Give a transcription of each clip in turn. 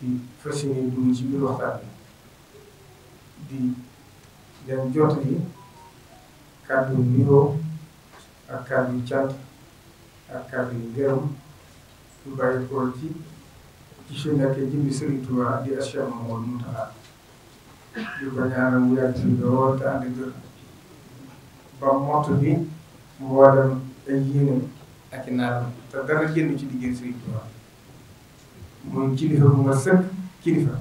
di fas yéene dugg ci biir waxtaan bi di leen jottali kàddu nuyoo ak kàddu cant ak kàddu ngërëm yu bàyyi ko ci ci su nekkee jëmmi Sëriñ Tuubaa di Cheikh Mouhamadou Mountakha di ko ñaanal mu yàgg ci lool ba mott bi mu waral ay yéene ak i naaram te dara génn ci liggéey moom kilifa bu ma sëkk kilifa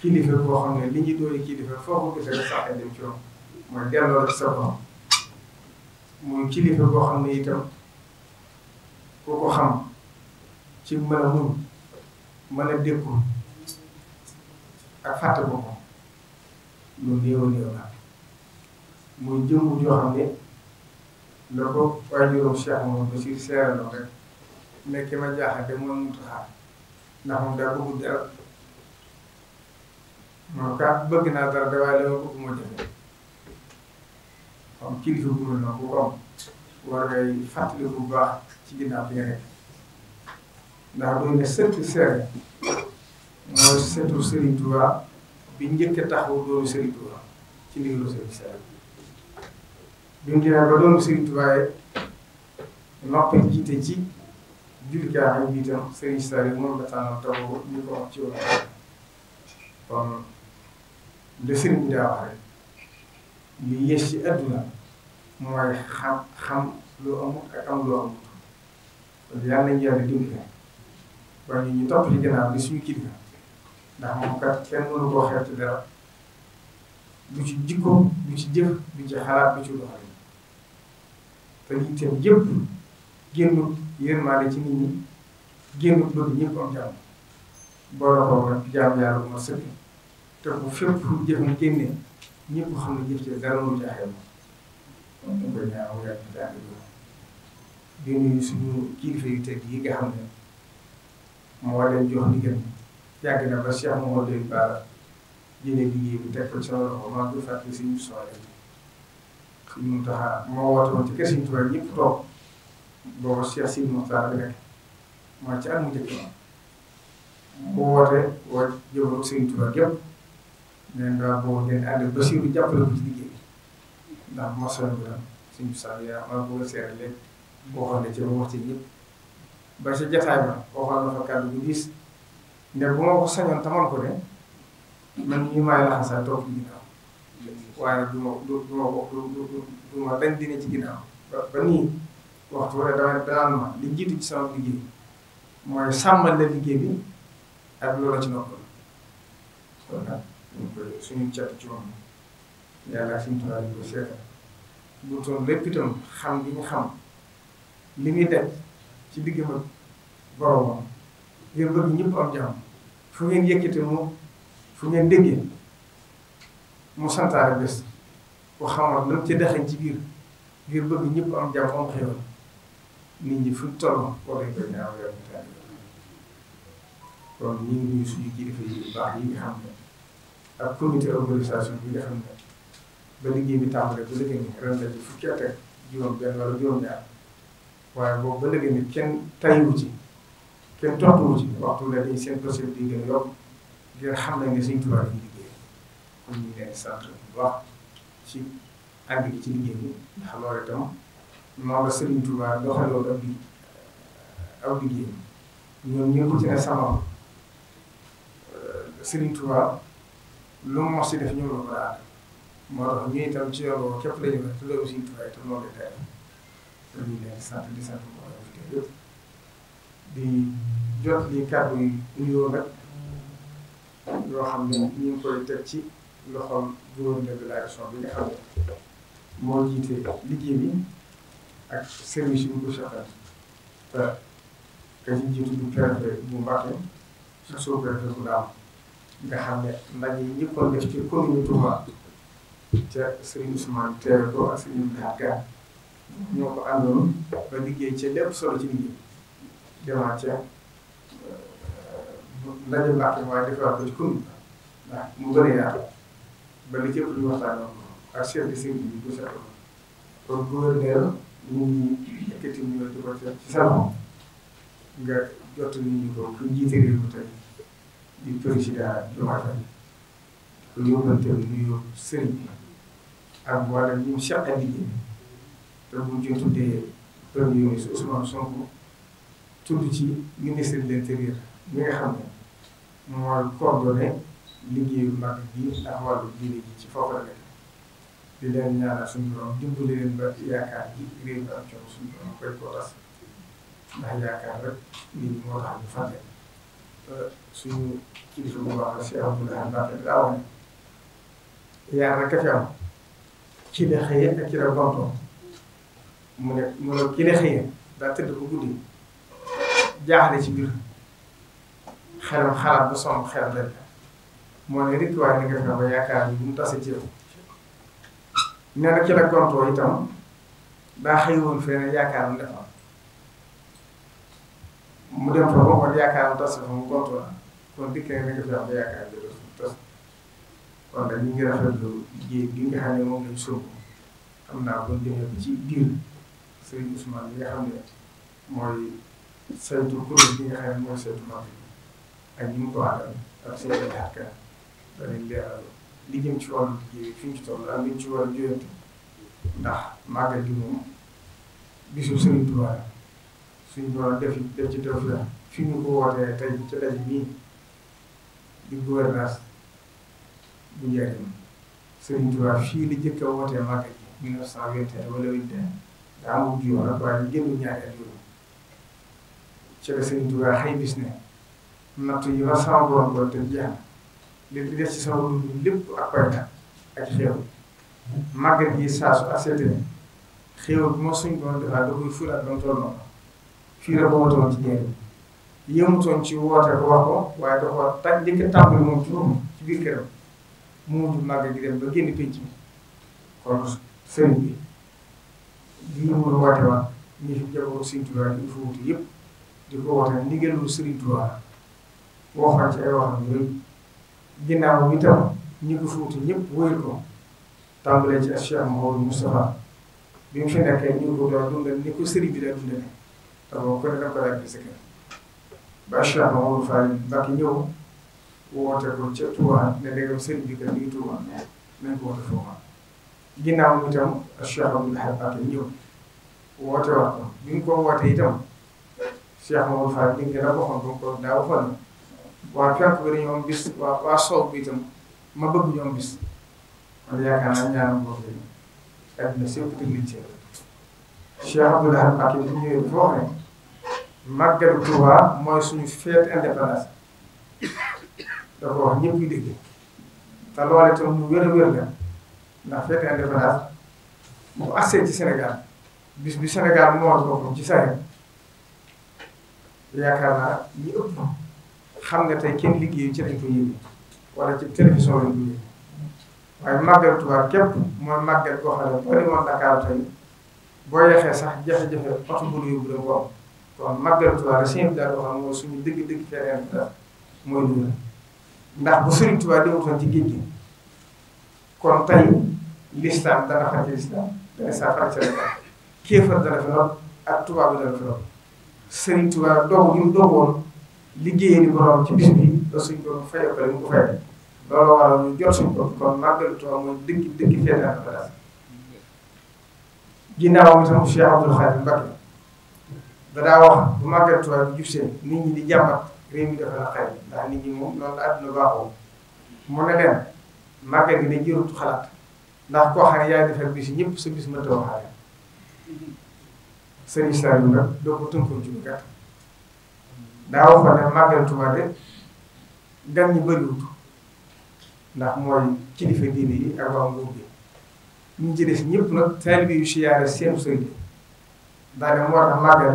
kilifa boo xam ne li ñu doon kilifa foo ko gisee rek sax dem ci moom mooy delloo rek sa borom moom kilifa boo xam ne itam ku ko xam ci mën a mun mën a dékku ak fàtte boppam loolu néew néew la muy jëmbu joo xam ne la ko waajuróom Cheikh moom si seeraloo rek mais ki ma jaaxal de mooy Muntaxa ndax moom daa bëgg dara moom kaa bëgg naa dara de waaye dama bëgg moo jafe kon kilifa bu mel noonu bu ko am war ngay fàttali bu baax ci ginnaaw bi nga nekk ndax buñ ne sëtu seere mooy sëtu Serigne Touba bi njëkk a taxawu doomu Serigne Touba ci ndigalu Serigne Seere bi mu demee ba doomu Serigne Touba yi noppi jiite jur gi ànd ak itam Serigne Saliou moom la tànnal taw ñu ko wax ci wàllu kon le Serigne daa wax rek li yées ci àdduna mooy xam xam lu amut ak am lu amut kon yàlla nañu yàlla dimbali ba ñu ñu topp li gannaaw bi suñu kilifa ndax moom kat kenn mënu koo xeet ci dara du ci jikko du ci jëf du ci xalaat du ci doxalin te lii itam yëpp génnut. yërmaale ci nit ñi génn bëgg ñëpp am jàmm booloo jaam yàlla bu ma sëkk te bu fépp fu jëf mu génnee ñëpp xam ne jëf ci dara yàgg ci daal di nuyu suñu kilifa yu tedd yi nga xam ne moo leen jox ndigal yàgg na ba Cheikh Mamadou Lamine Bara jëlee liggéey bi teg ko ci sama loxo maa ngi koy fàttali suñu soxla yi suñu taxa moo woote woon ci kër Sëriñ Tuubaa toog booba Cheikh Sidi Mokhtar bi rek mooy ci at mu njëkk mu woote woo jëmale ko Serigne Touba yëpp nee naa boo ngeen ànd ba Sidi jàppale ko ci liggéey ndax mosoon bi la suñu saa yi yaa ma bëgg a seere léegi waxoon na ci dua wax ci dua ba dua jataay ba waxoon na fa bu bu tamal ko man ci du du du dina ci ba waxtu wala damay danaan ma li jiitu ci sama liggéey mooy sàmmal la liggéey bi ak loola ci noppal kon nag ñu koy suñu cat ci moom yàlla suñu tubaab seetal bu toon lépp itam xam gi ñu xam li muy def ci diggam ak boromam ngir bëgg ñëpp am jàmm fu ngeen yëkkate mu fu ngeen déggee mu santaare bés ku xamal lu ci dexañ ci biir ngir bëgg ñëpp am jàmm am xéwal nit ñi fu toll war nañ ko ñaaw yow ñu tànn kon ñu ngi nuyu suñu kilifa baax yi nga xam ne ak comité organisation bi nga xam ne ba liggéey bi tàmbalee ba léegi nii ci fukki at ak juróom-benn wala ba léegi nii kenn tayiwu ci xam nañ ne suñu tubaab yi liggéey kon ñu ngi leen di ci ànd ci liggéey bi ndax loolu itam. moom la Serigne Touba doxaloon ab bi ab liggéey ñoom ñëpp ci ne sama Serigne Touba lu mu si def ñoom la ko daal moo tax ñu itam ci yoon boobu la ñu mel te sant di sant bu baax di yëpp li kàddu yoo xam ne ñu ngi bi nga xam ne moo jiite liggéey bi. ak service yu ñu ko soxla te ka ñu jiitu du préfet bu Mbacké sa sous préfet bu Ndam nga xam ne ndaje yi ñu ko def ci commune Touba ca Serigne Ousmane teewe ko ak Serigne Mbacké ñoo ko àndoon ba liggéey ca lépp solo ci liggéey demaat ca euh, ndaje Mbacké waaye defar ko ci commune ndax mu bëri yaatu ba li cëpp lu waxtaanoon ak chef de service bi bu seetlu kon gouverneur ñu yëkkati ñu ñëw di ko sa loxo nga jot nañu ko ku jiite réew mi tey di président Diomaye Faye ñu yóbbanteel nuyu sëriñ bi ak wala ñu seq ak liggéey te bu ñu tuddee premier ministre Ousmane Sonko tudd ci ministre de l'intérieur mi nga xam ne mooy coordonné liggéeyu mag bi ak wàllu diine ji ci foofu la nekk di leen ñaanal suñu borom dimbali leen ba yaakaar ji réew mi am coono suñu borom koy ko tas ndax yaakaar rek nit ñi moo tax ñu fàtte suñu kilifa bu baax la si Abdoulaye Mbacke bi awoon yaa rek a fi am ci la xëyee ak ci la gontoo mu ne mu ne ki la xëyee daa tëdd ko guddi jaaxle ci biir xelam xalaat ba sonn xel rek moo ne rek waaye ni nga fexe ba yaakaar bi bu mu tasee ci yow nee na ki la gontoo itam daa xëy woon feneen yaakaar mu defar mu dem fa boo ko yaakaar mu tas fa mu gontoo la kon dikkee na nga fi am yaakaar bi dootul tas kon nag ñu ngi rafetlu liggéey bi nga xam ne moom lañ sóobu xam naa buñ demee ci biir Serigne Ousmane bi nga xam ne mooy saytu kuréel bi nga xam ne mooy saytu mag yi ak ñi mu ko àndal ak seen i xarka danañ leeral li jëm ci wàllu liggéey bi fi ñu ci toll ak li ñu ci war a jooyante ndax màggal gi moom bisu Sëriñ Tuubaa la suñu borom def def ci def la fi ñu ko wootee tey ci daj bii di gouvernance bu njëriñ Sëriñ Tuubaa fii la jëkk a wootee màggal gi 1921 wala 21 daa amul jiwoon ak waaye génn ñaari at yooyu ci la Sëriñ Tuubaa xëy bis ne natt yi ma sama borom ko te jeex na li li ci sama lépp ak koyta ak xéewal màggal gi saa su accepté ne xéewal bu ma suñ doon defal da koy fulaat ba toll noonu fii la bootoon ci njëriñ ci woote ko wax ko waaye dafa war taj njëkk a tàmbali moom ci moom ci biir këram mu mujj màggal gi dem ba génn pénc kon sëriñ bi lii mun woote waa ñi fi jaboot Sëriñ Tuubaa ñu fa wuti yëpp di ko woote ndigalul Sëriñ Tuubaa waxoon ci ay waxam ginnaaw bi tam ñu ko fuuti ñëpp wóyul ko tàmbalee mu fi nekkee ñu ko doon dundal ni ko sëriñ bi daa dundale te boo ko dana ko laaj bi sa kër ba Cheikh Mawlid Fall Mbacke ñëw woote ko ca Touba ne léegi sëriñ bi kat ko woote foofa ginnaaw bi tam Cheikh Abdoul Ahad Mbacke ñëw woote mu ko wootee itam ko daa waxoon waa fenk bi dañu am bis waa waa soow bi itam ma bëgg ñu am bis man yaakaar naa ñaanam boobu lañu adduna sépp tëg nañ ci Cheikh Abdoul Ahad Mbacké bi ñëwee dafa wax ne màggalu Tuubaa mooy suñu fête indépendance dafa wax ñëpp ñu dégg te loolu itam lu wér a wér la ndax fête indépendance bu agsee ci Sénégal bis bi Sénégal moo boppam ci saa yaakaar naa ñu ëpp xam nga tey kenn liggéeyu ci lañ ko yëngu wala ci télévision lañ ko yëngu waaye màggal Tuubaa képp mooy màggal koo xam ne boo demoon Dakar tey boo yeexee sax jafe-jafe oto bu nuyu bu la kon màggal Tuubaa la ndax bu Sëriñ Tuubaa demutoon ci géej gi kon tey lislaam dana xar ci lislaam dana saa xar ci lislaam kéefar dana fi lool ak tubaab bi dana fi lool Sëriñ Tuubaa doog ñu doogoon liggéeyee ni borom ci bis bi ba suñ ko fayoo ko mu ko fayal loolu waral jot suñ bopp kon màggalu Tuubaa mooy dëkki dëkki feetaan ba daal ginnaawam itam Cheikh Abdoul Khadim Mbacké da daa wax bu nit ñi moom loolu la àdduna baaxoo mu ne leen màggal gi ne jërutu xalaat ndax koo xam ne defar bis ñëpp sa bis mënta waxaale sëriñ Saliou nag doo ko tënkoon ci bu gàtt daa wax ne màggal Tuubaa de gan ñi bëriwut ndax mooy kilifa diine yi ak waa nguur gi ñu ci des ñëpp nag taalibe yu siyaare seen sëriñ daa ne moo tax màggal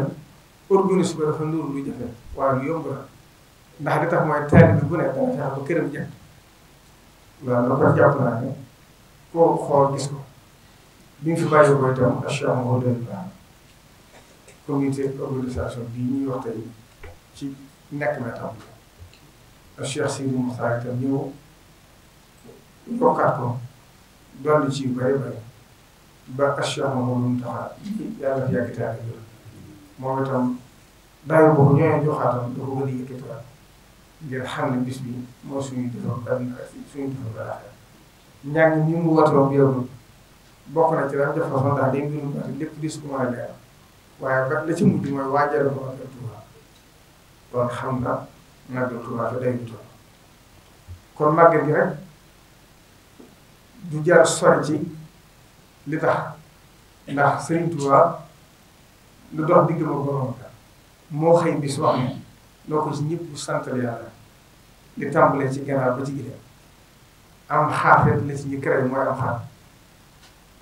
organise ba dafa nuur lu jafe waaye lu yomb la ndax li tax mooy taalibe bu nekk dana fexe ba këram jàpp loolu la ko jàpp naa ne koo xool gis ko bi ñu fi bàyyi ko itam association boobu dañu baax comité organisation bii ñuy wax tey ci nekk na tam Cheikh Sidi Moussa itam ñëw bokkaat ko dolli ci yu bëri bëri ba Cheikh Mamadou Mountakha yàlla fi yàgg te ak yow moom itam daaw boobu ñooñu joxaatam dafa gën a yëkkatiwaat ngir xam ne bis bi moo suñu defar benn suñu defar balaa ñàkk ñu mu watoon yow bokk na ci daal jox ko sax daal day mbirum lépp di su ko mën a leeral waaye ba la ci mujj mooy waajal ko kon xam na màggal Tuubaa fa day toll kon màggal gi rek du jar sori ci li tax ndax Sëriñ Tuubaa lu dox digg ma borom ka moo xëy bis wax ne loo ko ci ñëpp santal yàlla li tàmbalee ci gannaaw ba ci gileem am xaafet la ci ñu mooy am xaaf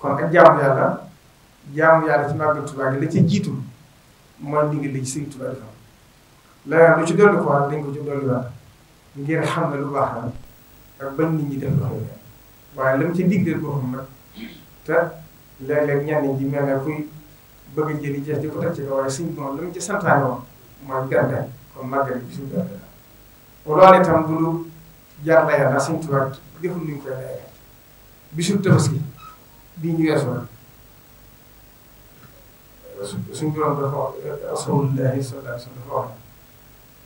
kon ak jaamu yàlla jaamu yàlla ci màggal Tuubaa gi la ci jiitu mooy ndigal li ci Sëriñ Tuubaa defam leneen lu ci dolli ko wax dañ ngi ci dolliwaat ngir xam ne lu baax la ak bañ nit ñi def lu xëy waaye lam ci digleel boppam nag te léeg-léeg ñenn ji mel ne kuy bëgg a jëli jeex di ko teg ci kaw waaye suñ moom lam ci santaane woon mooy gàddaay kon màggal bi suñu gàddaay la loolu itam du lu jaar la yàlla suñ tubaab deful nuñ koy laye bisu tabaski bii ñu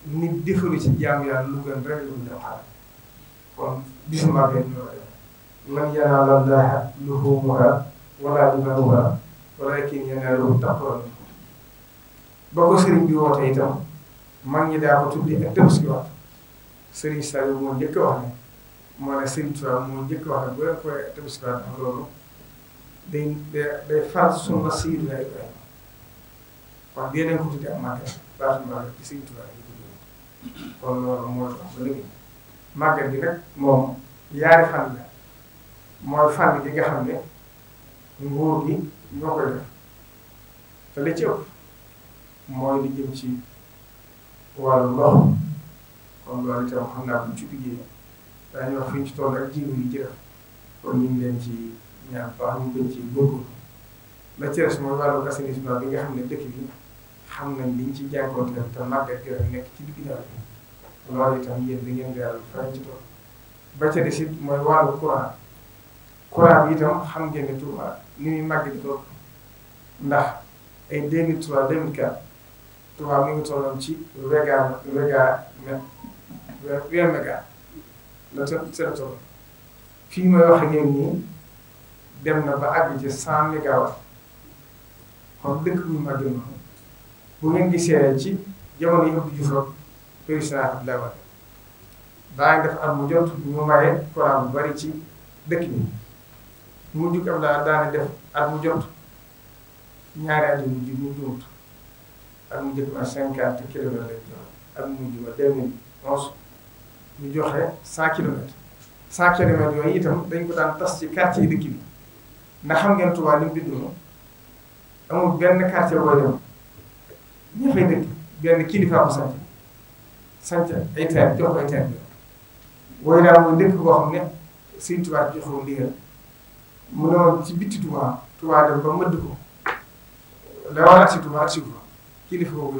nit defalu ci jaamu yàlla lu gën rek lu ñu def xaar kon bisu màgg ñu war a def lan yanaala llaaha luhuumuhaa wala dimaahuhaa walaakin yanaaluhu taqwa minkum ba ko sëriñ bi woote itam mag ñi daa ko tuddi ak tabaski wax sëriñ Saliou moo njëkk wax ne moo ne sëriñ Tuubaa moo njëkk wax ne bu leen koy tabaski wax ndax loolu day day day faat sunna Seydina Ibrahima kon dee nañ ko tuddi ak màgg baatu màgg ci sëriñ Tuubaa kon loolu mooy tax ba léegi màggal gi nag moom yaari fan la mooy fan gi nga xam ne nguur gi ñoo koy def te li ci ëpp mooy li jëm ci wàllu ndox kon loolu itam xam naa buñ ci liggéey daañu wax fi ñu ci toll ak jiw yi jëf kon ñu ngi leen ci ñaan baax ñu gën ci góorgóorlu la ci des mooy wàllu assainissement bi nga xam ne dëkk xam nañ liñ ci jànkuwanteel te màggat yooyu nekk ci digg nawet bi itam yéen da ngeen daal faram-citoo ba ca des it mooy wàllu courant courant bi itam xam ngeen ne Touba ni muy màgg di ko ndax ay 2003 2004 Touba mi ngi ci méga méga mètre weer méga la ca ca toll fii wax ak yéen dem na ba àgg ci 100 mégawatt kon dëkk bu ñu màggee noonu. bu ngeen gisee ci jamono yi Abdou Diouf ak président Abdoulaye Wade daa ngi def at mu jot mu maye courant bu bari ci dëkk bi mu jug Abdoulaye daana def at mu jot ñaari at yu mujj mu jumut at mu jot ma cinquante kilomètres lañ joxe mu mujj ma deux mille onze ñu joxe cent kilomètres cent kilomètres yooyu itam dañ ko daan tas ci quartier yi dëkk bi ndax xam ngeen Tuubaa li mu bindoo amul benn quartier booy dem ñoo fay dëkk benn kilifa bu sant sant ay teen jox ko ay teen wooy laa dëkk boo xam ne Sëriñ Tuubaa joxoo ndigal mu ne woon ci bitti Tuubaa Tuubaa dem ba mëdd ko la war a si ko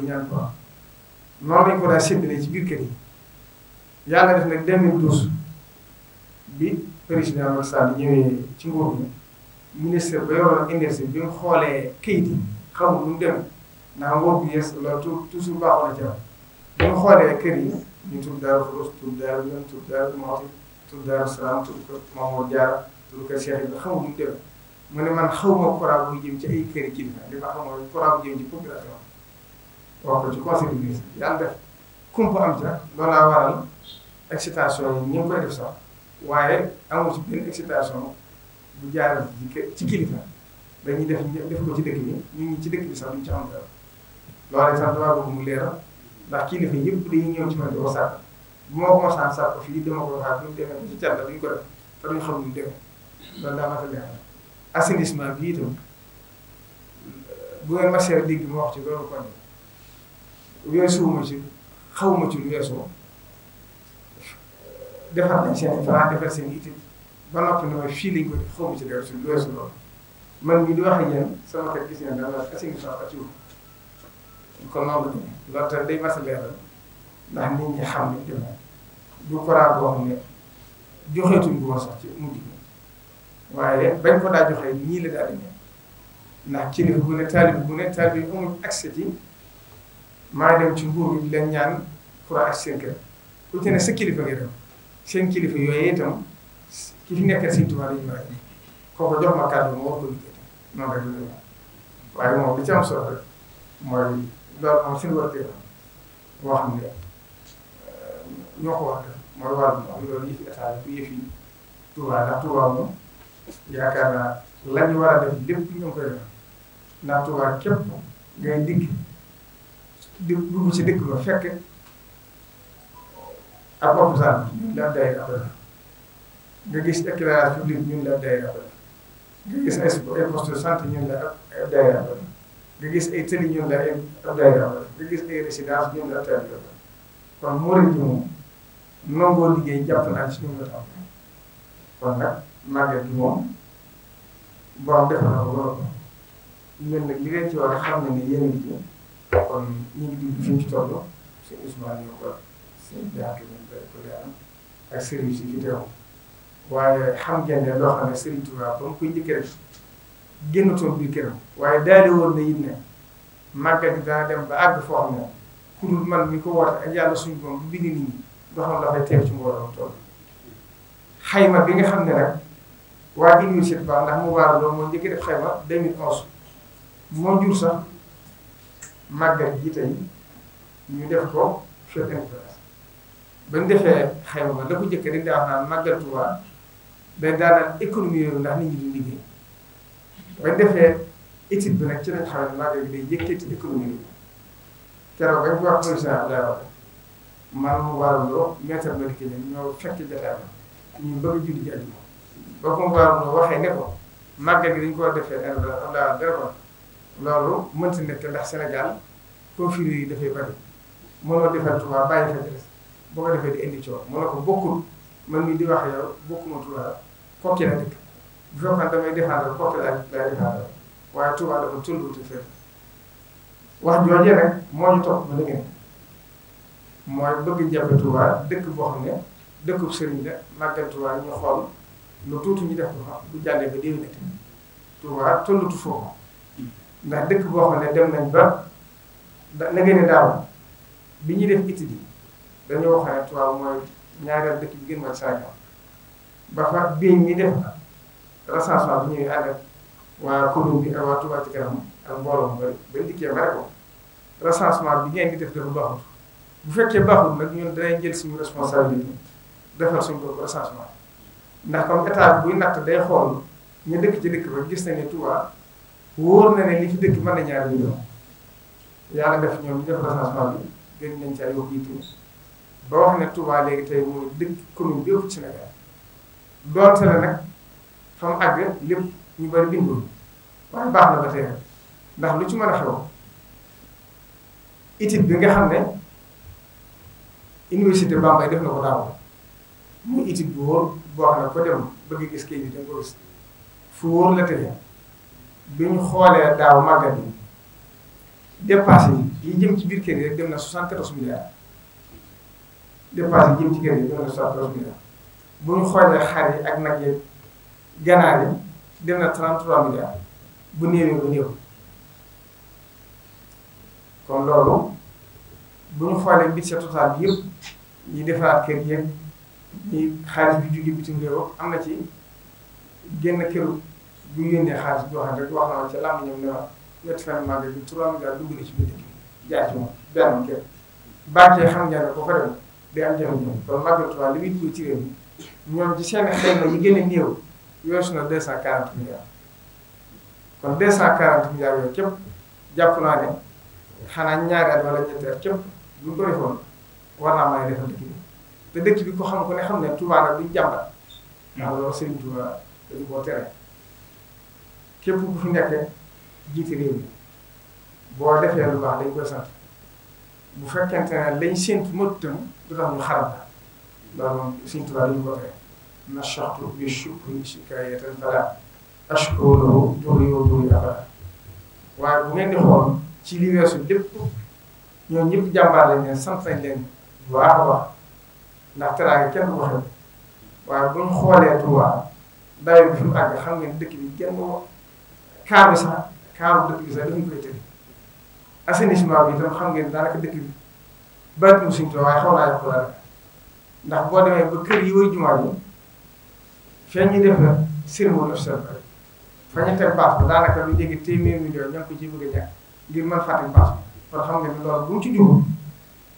ñaan ko noonu lañ ko daa séddale ci biir kër yàlla def nag 2012 bi président Macky Sall ñëwee ci nguur bi ministre ba yoroon énergie bi mu xoolee kayit yi xamul nu mu demee ndax nguur gu yees la tu toujours baaxoon na ci am bu ñu xoolee kër yi ñu tudd Daaru Xudoos tudd Daaru Lam tudd Daaru Muxti tudd Daaru Salaam tudd ko Mamour Diarra tudd ko Cheikh xaw ma dem mu ne man xaw ma courant buy jëm ci ay kër yi kii bi li ma xam mooy courant bu jëm ci population wax ko ci conseil du ministre yàlla def kumpa am ci nag loolaa waral excitation yi ñu ngi koy def sax waaye amul ci benn excitation bu jaarale ci ci kilifa dañuy def ko ci dëkk bi ñu ngi ci dëkk bi sax loolu sax damaa bëgg mu leeral ndax kilifa yëpp dañuy ñëw ci man di ko sàkk bu ma ko mos a sàkk fii dama ko waxaat bu ñu demee ci càll ko def fa duñ xam lu mu bi itam bu ngeen wax xawma ci lu defar nañ seen i ba noppi ne ma fii lañ ko xawma ci def ci lu weesu loolu man mii di wax ak sama kër gis ngeen daal assainissement fàccewu kon noonu la demee day mas ndax nit ñi xam ne demee du courant boo xam ne joxeetuñ ko woon sax ci mujj bi waaye bañ ko daa joxee nii la daal di ñëw ndax kilifa bu ne taalib bu ne taalib bi ci maa dem seen kilifa nga dem seen ki fi nekkal Sëriñ Tuubaa dañu war a kooku jox ma kàddu ma ko liggéey noonu waaye moom li ci am solo rek mooy. door am seen warteef boo xam ne euh, ñoo ko waxtaan mooy wàllu am loolu yëfi état bi yëfi Touba ndax Touba moom yaakaar naa la ñu war a def lépp ñu ngi koy def ndax ngay digg di dugg ci dëkk ba fekk ab hôpital ñun la day appel nga gis éclairage public ñun la day nga gis ay poste de santé ñun la day appel nga gis ay tëli ñun la ay ab daayira nga gis ay résidence ñun la ab daayira kon murid bi moom nangoo liggéey jàpp naa ci suñu la am kon nag màggal gi moom borom def na ko ñun nag li ngeen ci war a xam ni yéen a ngi ci kon ñu ngi dugg fi ñu ci toll si Ousmane ñu ko seen jànk ñu koy ko leeral ak service yi fi teew waaye xam ngeen ne loo xam ne Serigne Touba ba mu génnatoon biir këram waaye daale woon na it ne màggal gi dana dem ba àgg foo xam ne ku dul man mi ko woote ak yàlla suñu borom bi bind nit ñi doxam dafay teew ci mbooloo tool xayma bi xam ne nag waa université ba ndax mu waar loolu moo njëkk def xayma 2011 moo jur sax màggal gi tey ñu def ko fête indépendance ba ñu defee xayma ba la ko njëkk dañ daa wax naan màggal économie yooyu ndax nit ñi duñ bañ defee étude bi nag ci lañ xam ne naaj bi day yëkkati économie bi keroog rek wax président Abdoulaye Wade maanaam waraloo maître Madické Niang ñoo fekk jotaay bi ba mu waraloo waxee ne ko ko defee dara dara dara loolu mënta nekk ndax Sénégal conflits yi dafay bari mënoo defal Touba bàyyi fa des boo ko defee di indi coow mënoo ko bokkul man mii di wax yow bokkuma Touba kooku la dëkk. bu fekkoon damay défendre kooku laay laay défendre waaye Touba dafa tolluwut wax joojee rek moo ñu topp ba léegi mooy bëgg jàppe Touba dëkk boo xam ne dëkkub sëriñ la màggal Touba ñu xool lu tuuti ñu def ko fa bu jàllee ba déwénati Touba tollutu foofu ndax dëkk boo xam ne dem nañ ba da na ngeen ne bi ñu def étude yi dañoo wax ne Touba mooy ñaareel dëkk bi gën a Sénégal ba fa biñ mi def. recensement bi ñuy ànd ak waa bi ak waa Touba kanam ak mbooloo mu bari dikkee ma ko recensement bi ngeen di def dafa baaxul bu fekkee baaxul nag ñun danañ jël suñu responsabilité defal suñu bopp recensement ndax comme état buy natt day xool ñu dëkk ci dëkk ba gis nañ ne Touba wóor na ne li fi dëkk mën na ñaari million yàlla def ñoom ñu def recensement bi gën nañ caa yóbbu yitte ba wax ne Touba léegi tey mooy dëkk commune bi yëpp fa mu lépp ñu bari bindul waaye baax na ba tey ndax lu ci mën a xew étude bi nga xam ne université Bambey def na ko daaw muy étude bu wóor boo xam ne ko dem bëgg gis kay bi da nga ko gis fu wóor yi dépassé ci biir kër yi dem na 74 milliards dépassé yi jëm ci kër bu ñu xoolee xar yi ak nag yi. ganaar yi dem na 33 milliards bu néewee bu néew kon loolu bu ñu xoolee budget total bi yëpp yi defaa kër yëpp ñi xaalis bi jóge bitim réew am na ci génn kër bu yónnee xaalis bi wax rek wax na ci làmb ñoom ne wax ñetti fan màggal bi 3 milliards dugg na ci biir dëkk jaar ci moom benn kër banque xam ngeen ne ko fa dem day am jamono kon màggal Tuubaa li muy tuuti ci réew mi ñoom ci seen xel na ñu gën a weesu na deux cent quarante milliards kon deux cent quarante jàpp naa ne xanaa ñaari at wala ñetti at képp bu ñu ko defoon war naa mën a dëkk bi te dëkk bi ko xam ko ne xam ne Touba nag duñ jàmbat ndax hmm. loolu Serigne Touba dañu koo tere képp ku fi nekkee mi boo defee lu baax dañ koy sant bu fekkente ne lañ séntu mot tam du tax ñu xaram la loolu moom Serigne Touba tere نشطت بالشكر شكاية فلا أشكره دوري ودوري أبدا waaye bu ngeen di xool ci li weesu lépp ñoom ñëpp jàmbaar lañ leen sant nañ leen bu baax a baax ndax teraanga kenn du ko xeeb waaye bu ñu xoolee Tuubaa dayoo bi fi mu àgg xam ngeen dëkk bi kenn kaaru sax kaaru dëkk bi sax dañu koy tëri assainissement bi itam xam ngeen daanaka dëkk bi bariwul suñu tool waaye xaw naa yokk daanaka ndax boo demee ba kër yi wër fee ñu def na sermon observatoire fa ñu teg baax ba daanaka lu jege téeméer million ñoo ko ci bëgg a ñàkk ngir mën fàtte baax kon xam nga ni loolu bu mu ci jubul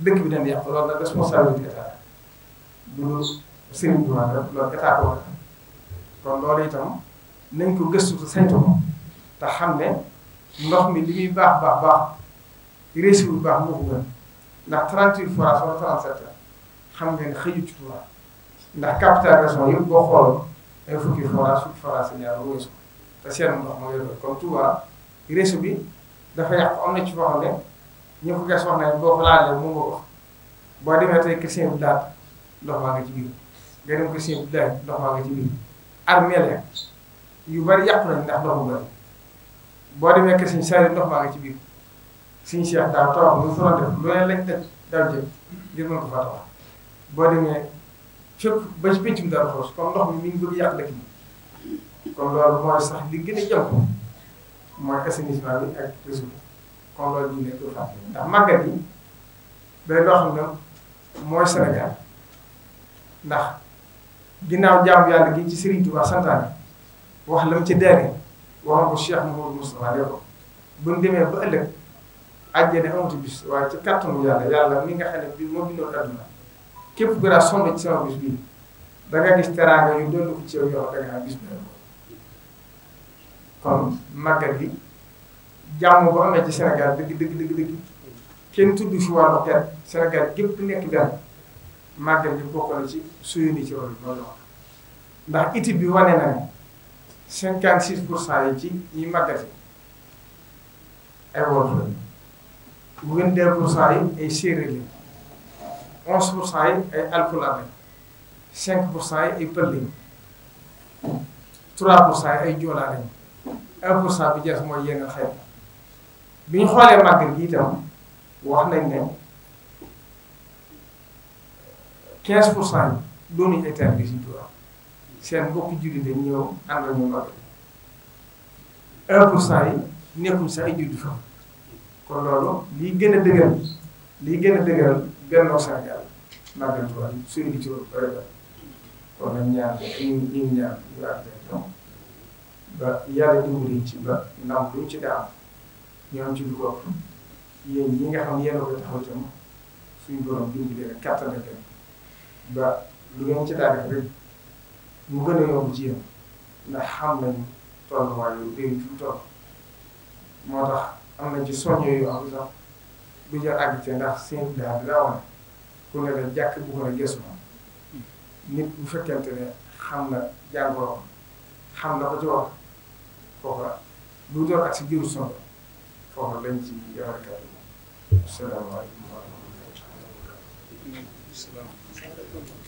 dëkk bi dañ yàq loolu nag responsabilité état bu loolu sëriñ bi wax rek loolu état ko kon loolu itam nañ ko gëstu te saytu ko te xam ne ndox mi li muy baax baax baax réussi bu baax moo ko gën ndax 38 forages wala 37 xam nga ne xëyut ci Tuuba ndax capital région yëpp boo xooloon ay fukki forage fukki forage yi ñaar wësu te seen ndox ma yor comme Touba réseau bi dafa yàqu am na ci foo ne ñu ko gas wax ne boo ko laalee moom moo wax boo demee tey Christine bi daal ndox maa nga ci biir nga dem Christine ndox maa nga ci biir armeel yu bari yàqu nañ ndax ndox mu bari boo demee Christine sari ndox maa nga ci biir suñu Cheikh daal tawam lu mu def lu leen lañ jël ngir mën ko faa taxaw boo demee. fépp ba ci péncum Darou Khoudoss kon ndox mi mi ngi bëgg yàq dëkk bi kon loolu mooy sax li gën a jàpp mooy assainissement bi ak réseau kon loolu ñu nekk fàtte ndax màggat yi day loo xam ne mooy Sénégal ndax ginnaaw jaamu yàlla gi ci Serigne Touba santaane wax la mu ci deere waxoon ko Cheikh Mouhamadou Moustapha lépp bu ñu demee ba ëllëg àjjana amatu bis waaye ci kàttanu yàlla yàlla mi nga xam ne bi moo bindoon adduna képp ku daa sonn ci sama bis bii gis teraanga yu dolli ko ci yow yoo xam da nga gis kon màggal gi jàmm bu amee ci Sénégal dëgg dëgg dëgg dëgg kenn tudd fi wàllu xel Sénégal gépp nekk benn màggal gi bokk na ci suyu ni ci loolu loolu ndax étude bi wane na ne six pour yi ci ñi màggal ay wolof la vingt deux pour cent yi ay séeréer lañ onze pour cent yi ay alpulaar cinq pour cent yi ay pël lañ trois pour cent yi ay joolaa lañ un pour cent bi jeex mooy yéngal xeet bi ñu xoolee màggal gi itam wax nañ ne quinze pour cent yi doonuñu ay bi suñu Tuubaa seen mbokk jullit dañ ñëw ànd ak ñu un pour cent yi nekkuñ sax ay jullit fa kon loolu lii gën a dëgëral lii gën gannaaw Sénégal màggal Tuubaa suñu li ci war a bëri kon nag ñaar ñu ngi ñaar ñu ànd ak ñoom ba yàlla dimbali ci ba ndam luñ ci daa am ñu am ci lu ko yéen ñi nga xam yéen a koy taxaw itam suñu borom bind leen kattan ak ba lu ngeen ci daal rek mu gën a yomb ci yéen ndax xam nañu tolluwaay yu bëri yu toll moo tax am na ci so yu am sax. bi jot àgg ci ndax seen daal bi laa wane ku ne la jàkk bu ko ne gëstu nit bu fekkente ne xam na jàngoro xam na ko ci wax foofu la lu jot ak si biiru sonn foofu lañ ci yore kàddu gi. asalaamaaleykum wa rahmatulah.